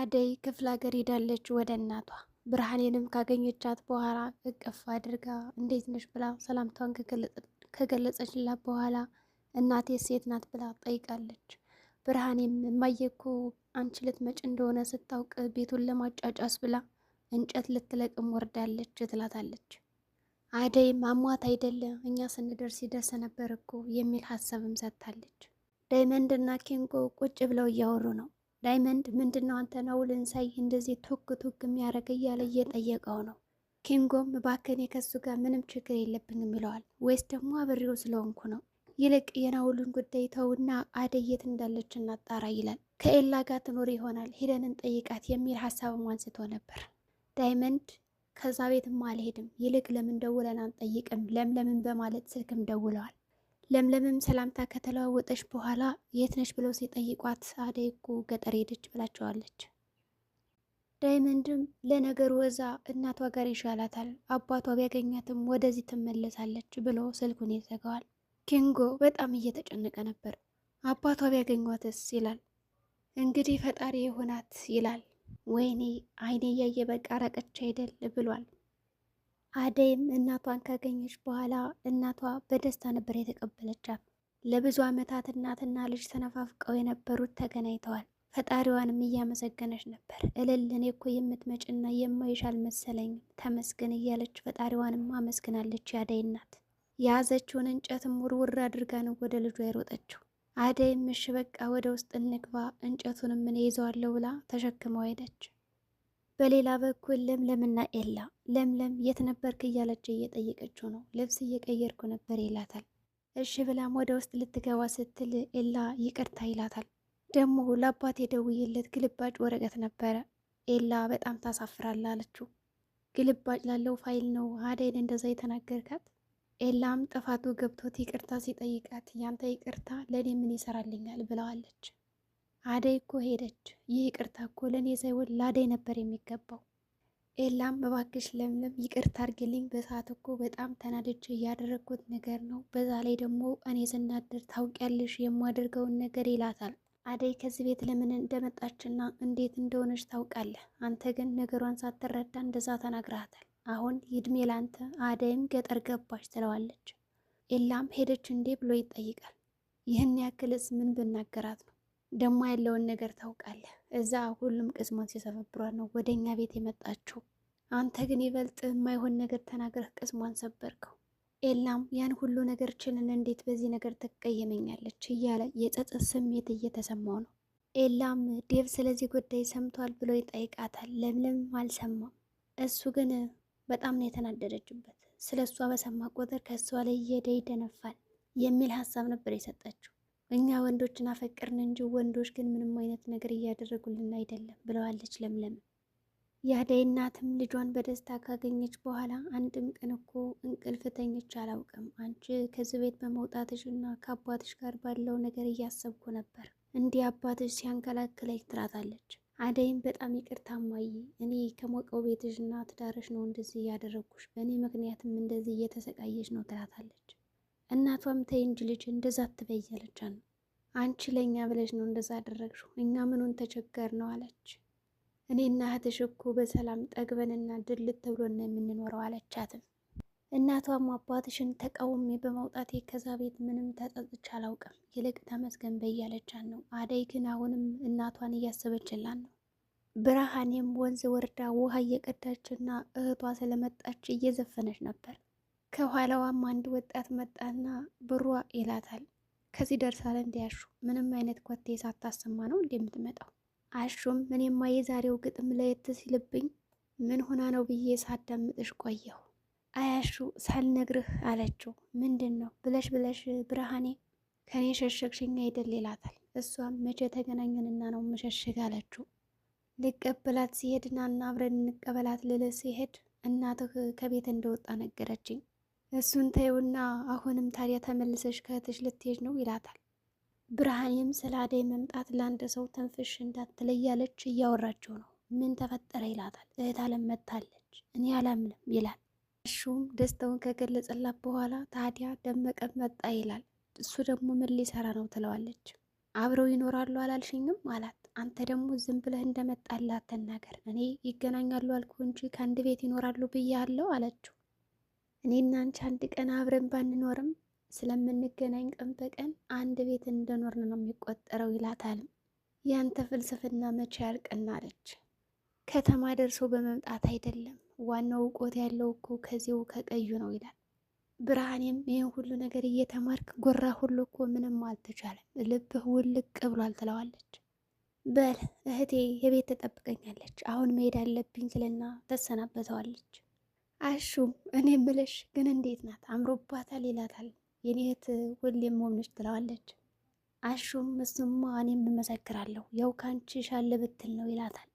አደይ ክፍለ ሀገር ሄዳለች ወደ እናቷ። ብርሃኔንም ካገኘቻት በኋላ እቅፍ አድርጋ እንዴት ነሽ ብላ ሰላምታዋን ከገለጸችላት በኋላ እናቴ ሴት ናት ብላ ጠይቃለች። ብርሃኔም የማየኩ አንቺ ልትመጭ እንደሆነ ስታውቅ ቤቱን ለማጫጫስ ብላ እንጨት ልትለቅም ወርዳለች ትላታለች። አደይ ማሟት አይደለም እኛ ስንደርስ ይደርስ ነበር እኮ የሚል ሀሳብም ሰጥታለች። ዳይመንድና ኬንጎ ቁጭ ብለው እያወሩ ነው። ዳይመንድ ምንድነው አንተ ነው ሳይ እንደዚህ ቱክ ቱክ የሚያደርግ እያለ እየጠየቀው ነው። ኪንጎም ባከኔ ከሱ ጋር ምንም ችግር የለብኝም ይለዋል። ወይስ ደግሞ አብሬው ስለሆንኩ ነው ይልቅ የናውሉን ጉዳይ ተውና አደየት እንዳለች እናጣራ ይላል። ከኤላ ጋር ትኖር ይሆናል ሄደንን ጠይቃት የሚል ሀሳብም አንስቶ ነበር። ዳይመንድ ከዛ ቤትም አልሄድም ይልቅ ለምን ደውለን አንጠይቅም ለምለምን በማለት ስልክም ደውለዋል። ለምለምም ሰላምታ ከተለዋወጠች በኋላ የት ነች ብለው ሲጠይቋት አደይ እኮ ገጠር ሄደች ብላቸዋለች። ዳይመንድም ለነገሩ እዛ እናቷ ጋር ይሻላታል፣ አባቷ ቢያገኛትም ወደዚህ ትመለሳለች ብሎ ስልኩን ይዘጋዋል። ኪንጎ በጣም እየተጨነቀ ነበር። አባቷ ቢያገኟትስ ይላል። እንግዲህ ፈጣሪ የሆናት ይላል። ወይኔ አይኔ እያየ በቃ ራቀች አይደል ብሏል። አደይም እናቷን ካገኘች በኋላ እናቷ በደስታ ነበር የተቀበለቻት። ለብዙ ዓመታት እናትና ልጅ ተነፋፍቀው የነበሩት ተገናኝተዋል። ፈጣሪዋንም እያመሰገነች ነበር። እልል እኔ እኮ የምትመጭና የማይሽ መሰለኝ ተመስገን እያለች ፈጣሪዋንም አመስግናለች። የአደይ እናት የያዘችውን እንጨትም ውርውር አድርጋ ነው ወደ ልጇ የሮጠችው። አደይም እሽ በቃ ወደ ውስጥ እንግባ እንጨቱንም እኔ ይዘዋለሁ ብላ ተሸክመው ሄደች። በሌላ በኩል ለምለምና ኤላ ለምለም የት ነበርክ እያለች እየጠየቀችው ነው። ልብስ እየቀየርኩ ነበር ይላታል። እሺ ብላም ወደ ውስጥ ልትገባ ስትል ኤላ ይቅርታ ይላታል። ደግሞ ለአባት የደውየለት ግልባጭ ወረቀት ነበረ። ኤላ በጣም ታሳፍራል አለችው። ግልባጭ ላለው ፋይል ነው አደይን እንደዛ የተናገርካት። ኤላም ጥፋቱ ገብቶት ይቅርታ ሲጠይቃት ያንተ ይቅርታ ለእኔ ምን ይሰራልኛል ብለዋለች። አደይ እኮ ሄደች። ይህ ይቅርታ እኮ ለእኔ ሳይሆን ለአደይ ነበር የሚገባው። ኤላም እባክሽ ለምለም ይቅርታ አድርግልኝ፣ በሰዓት እኮ በጣም ተናድጄ እያደረግኩት ነገር ነው። በዛ ላይ ደግሞ እኔ ስናደር ታውቂያለሽ የማደርገውን ነገር ይላታል። አደይ ከዚህ ቤት ለምን እንደመጣችና እንዴት እንደሆነች ታውቃለህ። አንተ ግን ነገሯን ሳትረዳ እንደዛ ተናግራታል። አሁን ይድሜ ላንተ። አደይም ገጠር ገባች ትለዋለች። ኤላም ሄደች እንዴ ብሎ ይጠይቃል። ይህን ያክልስ ምን ብናገራት ነው ደግሞ ያለውን ነገር ታውቃለህ። እዛ ሁሉም ቅስሟን ሲሰበብሯት ነው ወደ እኛ ቤት የመጣችው። አንተ ግን ይበልጥ የማይሆን ነገር ተናግረህ ቅስሟን ሰበርከው። ኤላም ያን ሁሉ ነገር ችልን እንዴት በዚህ ነገር ትቀየመኛለች እያለ የጸጸት ስሜት እየተሰማው ነው። ኤላም ዴቭ ስለዚህ ጉዳይ ሰምቷል ብሎ ይጠይቃታል። ለምለም አልሰማም። እሱ ግን በጣም ነው የተናደደችበት። ስለ እሷ በሰማ ቁጥር ከእሷ ላይ እየሄደ ይደነፋል የሚል ሀሳብ ነበር የሰጠችው። እኛ ወንዶችን አፈቅርን እንጂ ወንዶች ግን ምንም አይነት ነገር እያደረጉልን አይደለም ብለዋለች ለምለም። የአደይ እናትም ልጇን በደስታ ካገኘች በኋላ አንድም ቀን እኮ እንቅልፍ ተኝቼ አላውቅም። አንቺ ከዚህ ቤት በመውጣትሽ እና ከአባትሽ ጋር ባለው ነገር እያሰብኩ ነበር፣ እንዲህ አባትሽ ሲያንከላክለኝ ትላታለች። አደይም በጣም ይቅርታ እማዬ፣ እኔ ከሞቀው ቤትሽ እና ትዳርሽ ነው እንደዚህ እያደረግኩሽ፣ በእኔ ምክንያትም እንደዚህ እየተሰቃየች ነው ትላታለች። እናቷም ተይ እንጂ ልጅ እንደዛ አትበይ አለቻት አንቺ ለእኛ ብለሽ ነው እንደዛ አደረግሽው፣ እኛ ምኑን ተቸገር ነው አለች። እኔና እህትሽ እኮ በሰላም ጠግበንና ድልት ነው የምንኖረው አለቻትም። እናቷም አባትሽን ተቃውሜ በመውጣቴ ከዛ ቤት ምንም ተጸጽቼ አላውቅም፣ ይልቅ ተመስገን በያለች አለቻት ነው። አደይ ግን አሁንም እናቷን እያሰበችላት ነው። ብርሃኔም ወንዝ ወርዳ ውሃ እየቀዳችና እህቷ ስለመጣች እየዘፈነች ነበር። ከኋላዋም አንድ ወጣት መጣና ብሯ ይላታል። ከዚህ ደርሳለ እንዲ አሹ ምንም አይነት ኮቴ ሳታሰማ ነው እንደምትመጣው። አሹም እኔማ የዛሬው ግጥም ለየት ሲልብኝ ምን ሆና ነው ብዬ ሳዳምጥሽ ቆየሁ። አያሹ ሳልነግርህ አለችው። ምንድን ነው ብለሽ ብለሽ ብርሃኔ ከኔ ሸሸግሽኝ አይደል ይላታል። እሷም መቼ ተገናኘንና ነው መሸሽግ አለችው። ልቀበላት ሲሄድና እና አብረን እንቀበላት ልል ሲሄድ እናትህ ከቤት እንደወጣ ነገረችኝ እሱን ተይውና አሁንም ታዲያ ተመልሰሽ ከእህትሽ ልትሄድ ነው ይላታል። ብርሃኔም ስለ አደይ መምጣት ለአንድ ሰው ተንፍሽ እንዳትለያለች እያወራችው ነው። ምን ተፈጠረ ይላታል። እህት አለም መታለች፣ እኔ አላምንም ይላል። እሹም ደስታውን ከገለጸላት በኋላ ታዲያ ደመቀ መጣ ይላል። እሱ ደግሞ ምን ሊሰራ ነው ትለዋለች። አብረው ይኖራሉ አላልሽኝም አላት። አንተ ደግሞ ዝም ብለህ እንደመጣላት ተናገር። እኔ ይገናኛሉ አልኩ እንጂ ከአንድ ቤት ይኖራሉ ብዬ አለው አለችው። እኔ እናንቺ አንድ ቀን አብረን ባንኖርም ስለምንገናኝ ቀን በቀን አንድ ቤት እንደኖርን ነው የሚቆጠረው ይላታል። ያንተ ፍልስፍና መቼ ያልቅና አለች። ከተማ ደርሶ በመምጣት አይደለም ዋናው እውቀት ያለው እኮ ከዚሁ ከቀዩ ነው ይላል። ብርሃኔም ይህን ሁሉ ነገር እየተማርክ ጎራ ሁሉ እኮ ምንም አልተቻለም፣ ልብህ ውልቅ ብሏል ትለዋለች። በል እህቴ የቤት ተጠብቀኛለች፣ አሁን መሄድ አለብኝ ትልና ተሰናበተዋለች። አሹ እኔ ብለሽ ግን እንዴት ናት አምሮባታል ይላታል። የኔ እህት ሁሌም ሆምነች ትለዋለች። አሹም እሱማ እኔም እመሰክራለሁ ያው ካንቺ ሻለ ብትል ነው ይላታል።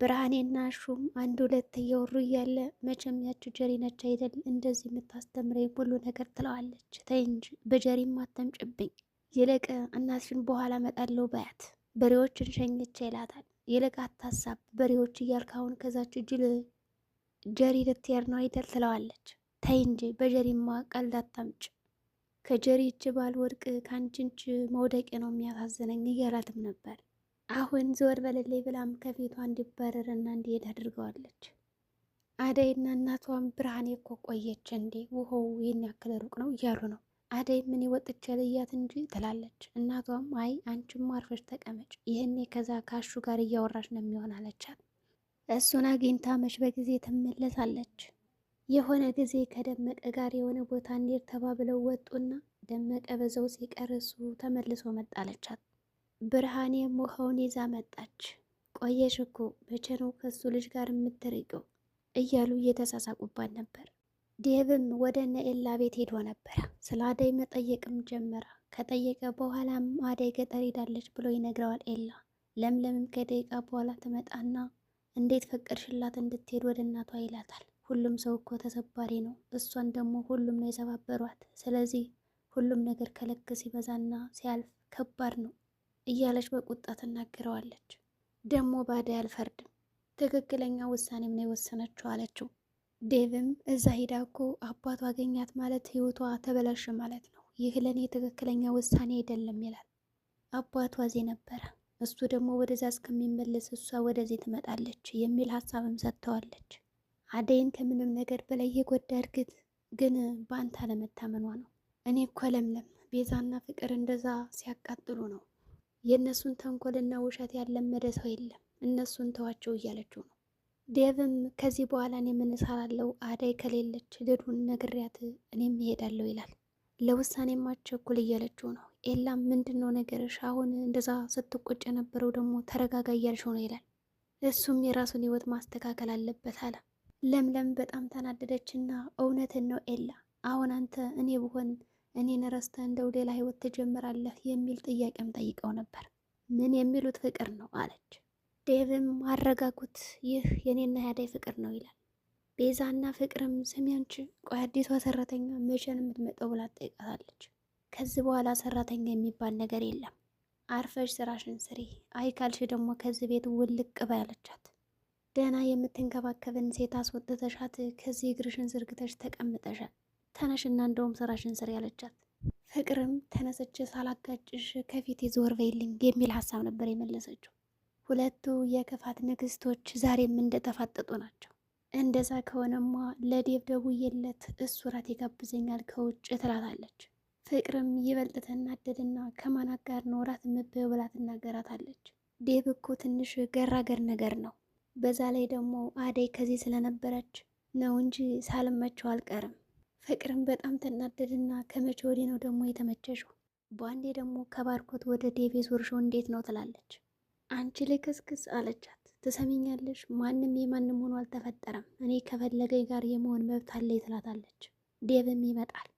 ብርሃኔና አሹም አንድ ሁለት እያወሩ እያለ መቼም ያች ጀሪ ነች አይደል እንደዚህ የምታስተምረኝ ሁሉ ነገር ትለዋለች። ተይ እንጂ በጀሪም አታምጭብኝ፣ ይልቅ እናትሽን በኋላ መጣለው በያት በሬዎችን ሸኝቼ ይላታል። ይልቅ አታሳብ በሬዎች እያልክ አሁን ከዛች ጅል ጀሪ ልትሄድ ነው አይደል ትለዋለች። ተይ እንጂ በጀሪማ ቀልድ አታምጭ፣ ከጀሪ እጅ ባልወድቅ ከአንቺ እጅ መውደቄ ነው የሚያሳዝነኝ እያላትም ነበር። አሁን ዘወር በለለይ ብላም ከፊቷ እንዲባረርና እንዲሄድ አድርገዋለች። አደይና እናቷም ብርሃኔ እኮ ቆየች እንዴ ውሆው ይህን ያክል ሩቅ ነው እያሉ ነው። አደይ ምን ወጥቼ ልያት እንጂ ትላለች። እናቷም አይ አንቺም አርፈሽ ተቀመጭ፣ ይህኔ ከዛ ከአሹ ጋር እያወራሽ ነው የሚሆን አለቻት። እሱን አግኝታ መች በጊዜ ትመለሳለች። የሆነ ጊዜ ከደመቀ ጋር የሆነ ቦታ እንዴት ተባብለው ወጡና ደመቀ በዘው ሲቀርሱ ተመልሶ መጣለቻት። ብርሃኔም ውሃውን ይዛ መጣች። ቆየሽ እኮ መቼ ነው ከሱ ልጅ ጋር የምትርቂው? እያሉ እየተሳሳቁባት ነበር። ዴቭም ወደ ነኤላ ኤላ ቤት ሄዶ ነበረ። ስለ አደይ መጠየቅም ጀመረ። ከጠየቀ በኋላም አደይ ገጠር ሄዳለች ብሎ ይነግረዋል ኤላ። ለምለምም ከደቂቃ በኋላ ትመጣና እንዴት ፈቀድሽላት እንድትሄድ ወደ እናቷ ይላታል። ሁሉም ሰው እኮ ተሰባሪ ነው፣ እሷን ደግሞ ሁሉም ነው የሰባበሯት። ስለዚህ ሁሉም ነገር ከልክ ሲበዛና ሲያልፍ ከባድ ነው እያለች በቁጣ ትናገረዋለች። ደግሞ ባዳ አልፈርድም፣ ትክክለኛ ውሳኔም ነው የወሰነችው አለችው። ዴቭም እዛ ሂዳ እኮ አባቱ አገኛት ማለት ህይወቷ ተበላሽ ማለት ነው፣ ይህ ለእኔ ትክክለኛ ውሳኔ አይደለም ይላል። አባቷ ዜ ነበረ እሱ ደግሞ ወደዛ እስከሚመለስ እሷ ወደዚህ ትመጣለች የሚል ሀሳብም ሰጥተዋለች። አደይን ከምንም ነገር በላይ የጎዳ እርግጥ ግን በአንተ አለመታመኗ ነው። እኔ እኮ ለምለም ቤዛና ፍቅር እንደዛ ሲያቃጥሉ ነው የእነሱን ተንኮልና ውሸት ያለመደ ሰው የለም እነሱን ተዋቸው እያለችው ነው። ዴቭም ከዚህ በኋላ እኔ ምን እሰራለሁ አዳይ ከሌለች ልዱን ነግሪያት እኔም እሄዳለሁ ይላል። ለውሳኔ ማቸኩል እያለችው ነው። ኤላም ምንድን ነው ነገርሽ? አሁን እንደዛ ስትቆጭ የነበረው ደግሞ ተረጋጋ እያልሽው ነው ይላል። እሱም የራሱን ህይወት ማስተካከል አለበት አለ። ለምለም በጣም ተናደደችና እውነትን ነው ኤላ፣ አሁን አንተ እኔ ብሆን እኔን ረስተህ እንደው ሌላ ህይወት ትጀምራለህ የሚል ጥያቄም ጠይቀው ነበር። ምን የሚሉት ፍቅር ነው አለች። ዴቭም አረጋጉት፣ ይህ የኔና ያዳይ ፍቅር ነው ይላል። ቤዛና ፍቅርም ስሚ አንቺ ቆይ አዲሷ ሰራተኛ መቼ ነው የምትመጣው ብላ ትጠይቃታለች። ከዚህ በኋላ ሰራተኛ የሚባል ነገር የለም። አርፈሽ ስራሽን ስሪ፣ አይ ካልሽ ደግሞ ከዚህ ቤት ውልቅ በይ አለቻት። ደህና የምትንከባከብን ሴት አስወጥተሻት ከዚህ እግርሽን ዝርግተሽ ተቀምጠሻል። ተነሽና እንደውም ስራሽን ስሪ አለቻት። ፍቅርም ተነሰች። ሳላጋጭሽ ከፊት ዞር በይልኝ የሚል ሀሳብ ነበር የመለሰችው። ሁለቱ የክፋት ንግስቶች ዛሬም እንደተፋጠጡ ናቸው። እንደዛ ከሆነማ ለዴብ ደውዬለት እሱ ራት ይጋብዘኛል ከውጭ ትላታለች። ፍቅርም ይበልጥ ተናደድና ከማና ጋር ነው እራት ምብብ ብላ ትናገራታለች። ዴብ እኮ ትንሽ ገራገር ነገር ነው። በዛ ላይ ደግሞ አደይ ከዚህ ስለነበረች ነው እንጂ ሳልመቸው አልቀርም። ፍቅርም በጣም ትናደድና ከመቼ ወዲህ ነው ደግሞ የተመቸሽው? በአንዴ ደግሞ ከባርኮት ወደ ዴብ የዞርሽው እንዴት ነው ትላለች። አንቺ ልክስክስ አለቻት። ትሰሚኛለሽ? ማንም የማንም ሆኖ አልተፈጠረም። እኔ ከፈለገኝ ጋር የመሆን መብት አለኝ ትላታለች። ዴብም ይመጣል።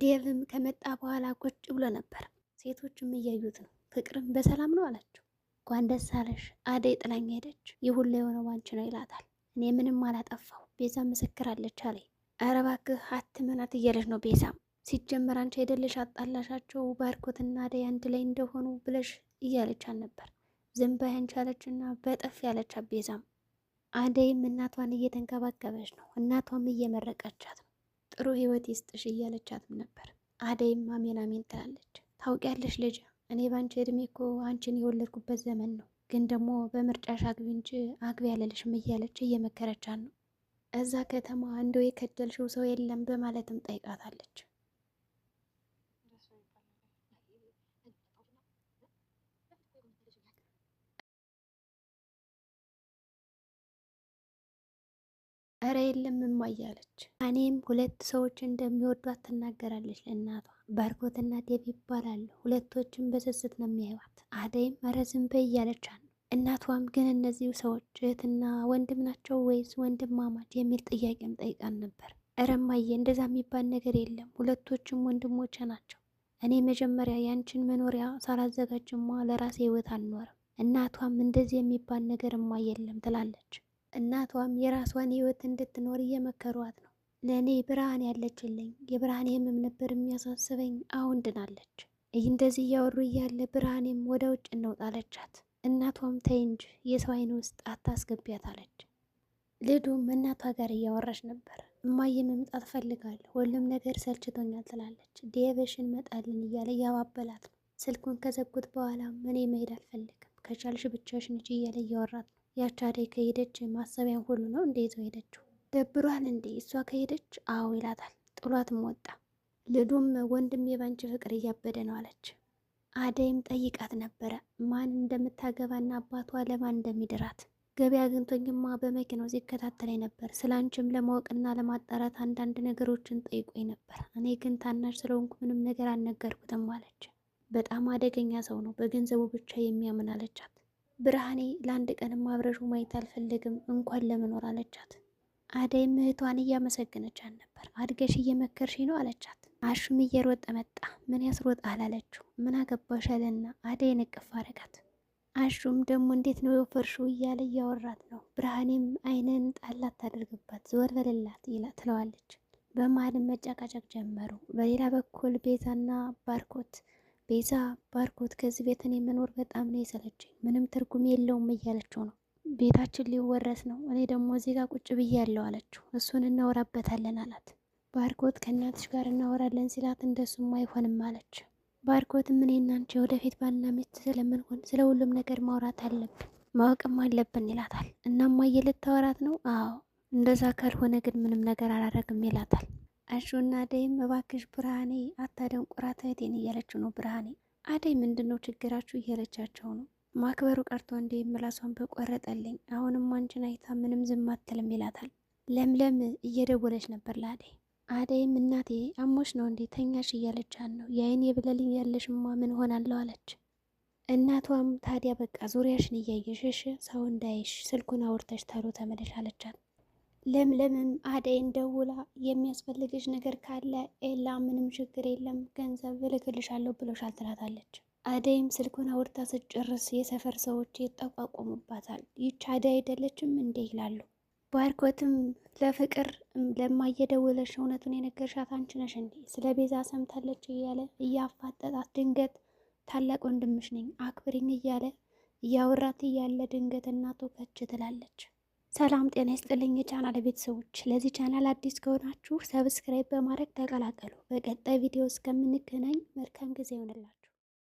ዴቭም ከመጣ በኋላ ቁጭ ብሎ ነበር። ሴቶችም እያዩት ነው። ፍቅርም በሰላም ነው አላቸው። እንኳን ደስ አለሽ አደይ ጥላኝ ሄደች፣ ይህ ሁሉ የሆነው ነው ይላታል። እኔ ምንም አላጠፋው ቤዛ ምስክር አለኝ። ኧረ እባክህ አትመናት እያለች ነው ቤዛም ሲጀመር አንቺ አይደለሽ አጣላሻቸው ባርኮትና አደይ አንድ ላይ እንደሆኑ ብለሽ እያለች አልነበር ዝም በይ አንቺ አለችና በጠፍ ያለች ቤዛም አደይም እናቷን እየተንከባከበች ነው። እናቷም እየመረቀቻት ነው። ጥሩ ህይወት ይስጥሽ እያለቻትም ነበር። አደይም አሜን አሜን ትላለች። ታውቂያለሽ ልጅ እኔ ባንቺ እድሜ እኮ አንቺን የወለድኩበት ዘመን ነው፣ ግን ደግሞ በምርጫሽ አግቢ እንጂ አግቢ ያለልሽም እያለች እየመከረቻን ነው። እዛ ከተማ እንደው የከደልሽው ሰው የለም በማለትም ጠይቃታለች። እረ የለም እማዬ አለች። እኔም ሁለት ሰዎች እንደሚወዷት ትናገራለች ለእናቷ። ባርኮትና ዴብ ይባላሉ። ሁለቶችም በስስት ነው የሚያዩት አደይም እረ ዝም በይ እያለቻት ነው። እናቷም ግን እነዚህ ሰዎች እህትና ወንድም ናቸው ወይስ ወንድማማች የሚል ጥያቄም ጠይቃን ነበር። እረ እማዬ እንደዛ የሚባል ነገር የለም፣ ሁለቶችም ወንድሞቼ ናቸው። እኔ መጀመሪያ ያንቺን መኖሪያ ሳላዘጋጅማ ለራሴ ህይወት አልኖርም። እናቷም እንደዚህ የሚባል ነገርማ የለም ትላለች። እናቷም የራሷን ህይወት እንድትኖር እየመከሯት ነው። ለእኔ ብርሃን ያለችልኝ የብርሃን ህመም ነበር የሚያሳስበኝ፣ አሁን ድናለች። እንደዚህ እያወሩ እያለ ብርሃኔም ወደ ውጭ እንውጣለቻት። እናቷም ተይ እንጂ የሰው አይን ውስጥ አታስገቢያት አለች። ልዱም እናቷ ጋር እያወራች ነበር። እማዬ መምጣት ፈልጋለሁ፣ ሁሉም ነገር ሰልችቶኛል ትላለች። ዴቨሽን መጣልን እያለ እያባበላት ነው። ስልኩን ከዘጉት በኋላ እኔ መሄድ አልፈልግም፣ ከቻልሽ ብቻሽን እያለ እያወራት ነው። አደይ ከሄደች ማሰቢያን ሁሉ ነው እንደ ይዘው ሄደችው። ደብሯን እንዴ እሷ ከሄደች አዎ ይላታል። ጥሏትም ወጣ። ልዱም ወንድሜ ባንቺ ፍቅር እያበደ ነው አለች። አደይም ጠይቃት ነበረ ማን እንደምታገባና አባቷ ለማን እንደሚድራት። ገበያ አግኝቶኝማ በመኪናው ሲከታተለኝ ነበር። ስለ አንቺም ለማወቅና ለማጣራት አንዳንድ ነገሮችን ጠይቆኝ ነበር። እኔ ግን ታናሽ ስለሆንኩ ምንም ነገር አልነገርኩትም አለች። በጣም አደገኛ ሰው ነው፣ በገንዘቡ ብቻ የሚያምን አለቻት። ብርሃኔ ለአንድ ቀንም አብረሹ ማየት አልፈልግም እንኳን ለመኖር አለቻት። አደይም እህቷን እያመሰገነቻት ነበር። አድገሽ እየመከርሽ ነው አለቻት። አሹም እየሮጠ መጣ። ምን ያስሮጣል አለችው። ምን አገባሽ አለና አደይን እቅፍ አረጋት። አሹም ደግሞ እንዴት ነው የወፈርሽው እያለ እያወራት ነው። ብርሃኔም አይንን ጣላት ታደርግባት ዘወር በልላት ይላ ትለዋለች። በመሀልም መጨቃጨቅ ጀመሩ። በሌላ በኩል ቤዛና ባርኮት ቤዛ ባርኮት ከዚህ ቤት እኔ መኖር በጣም ነው የሰለቸኝ፣ ምንም ትርጉም የለውም እያለችው ነው። ቤታችን ሊወረስ ነው፣ እኔ ደግሞ እዚህ ጋር ቁጭ ብዬ ያለው አለችው። እሱን እናወራበታለን አላት። ባርኮት ከእናትሽ ጋር እናወራለን ሲላት እንደሱም አይሆንም አለች። ባርኮት ምን አንቺ ወደፊት ባልና ሚስት ስለምንሆን ስለ ሁሉም ነገር ማውራት አለብን ማወቅም አለብን ይላታል። እናማ የለት ነው። አዎ እንደዛ ካልሆነ ግን ምንም ነገር አላረግም ይላታል። እሹና አደይም እባክሽ ብርሃኔ አታደንቁራት እህቴን እያለችው ነው። ብርሃኔ አደይ ምንድን ነው ችግራችሁ እያለቻቸው ነው። ማክበሩ ቀርቶ እንዴ ምላሷን በቆረጠልኝ አሁንም አንቺን አይታ ምንም ዝም አትልም ይላታል። ለምለም እየደወለች ነበር ለአደይ። አደይም እናቴ አሞሽ ነው እንዴ ተኛሽ እያለቻት ነው። የአይን የብለልኝ ያለሽማ ምን ሆናለሁ አለች። እናቷም ታዲያ በቃ ዙሪያሽን እያየሽሽ ሰው እንዳይሽ ስልኩን አውርተሽ ተሎ ተመለሽ አለቻት። ለምለምም አደይን ደውላ የሚያስፈልግሽ ነገር ካለ ኤላ ምንም ችግር የለም ገንዘብ እልክልሻለሁ ብሎሻል ትላታለች። አደይም ስልኩን አውርታ ስጨርስ የሰፈር ሰዎች ይጠቋቆሙባታል። ይች አደይ አይደለችም እንዴ ይላሉ። ባርኮትም ለፍቅር ለማየደውለሽ እውነቱን የነገርሻት አንቺ ነሽ እንዴ ስለ ቤዛ ሰምታለች እያለ እያፋጠጣት ድንገት ታላቅ ወንድምሽ ነኝ አክብሪኝ እያለ እያወራት እያለ ድንገት እናቱ ከች ትላለች። ሰላም ጤና ይስጥልኝ የቻናል ቤተሰቦች። ለዚህ ቻናል አዲስ ከሆናችሁ ሰብስክራይብ በማድረግ ተቀላቀሉ። በቀጣይ ቪዲዮ እስከምንገናኝ መልካም ጊዜ ይሆንላችሁ።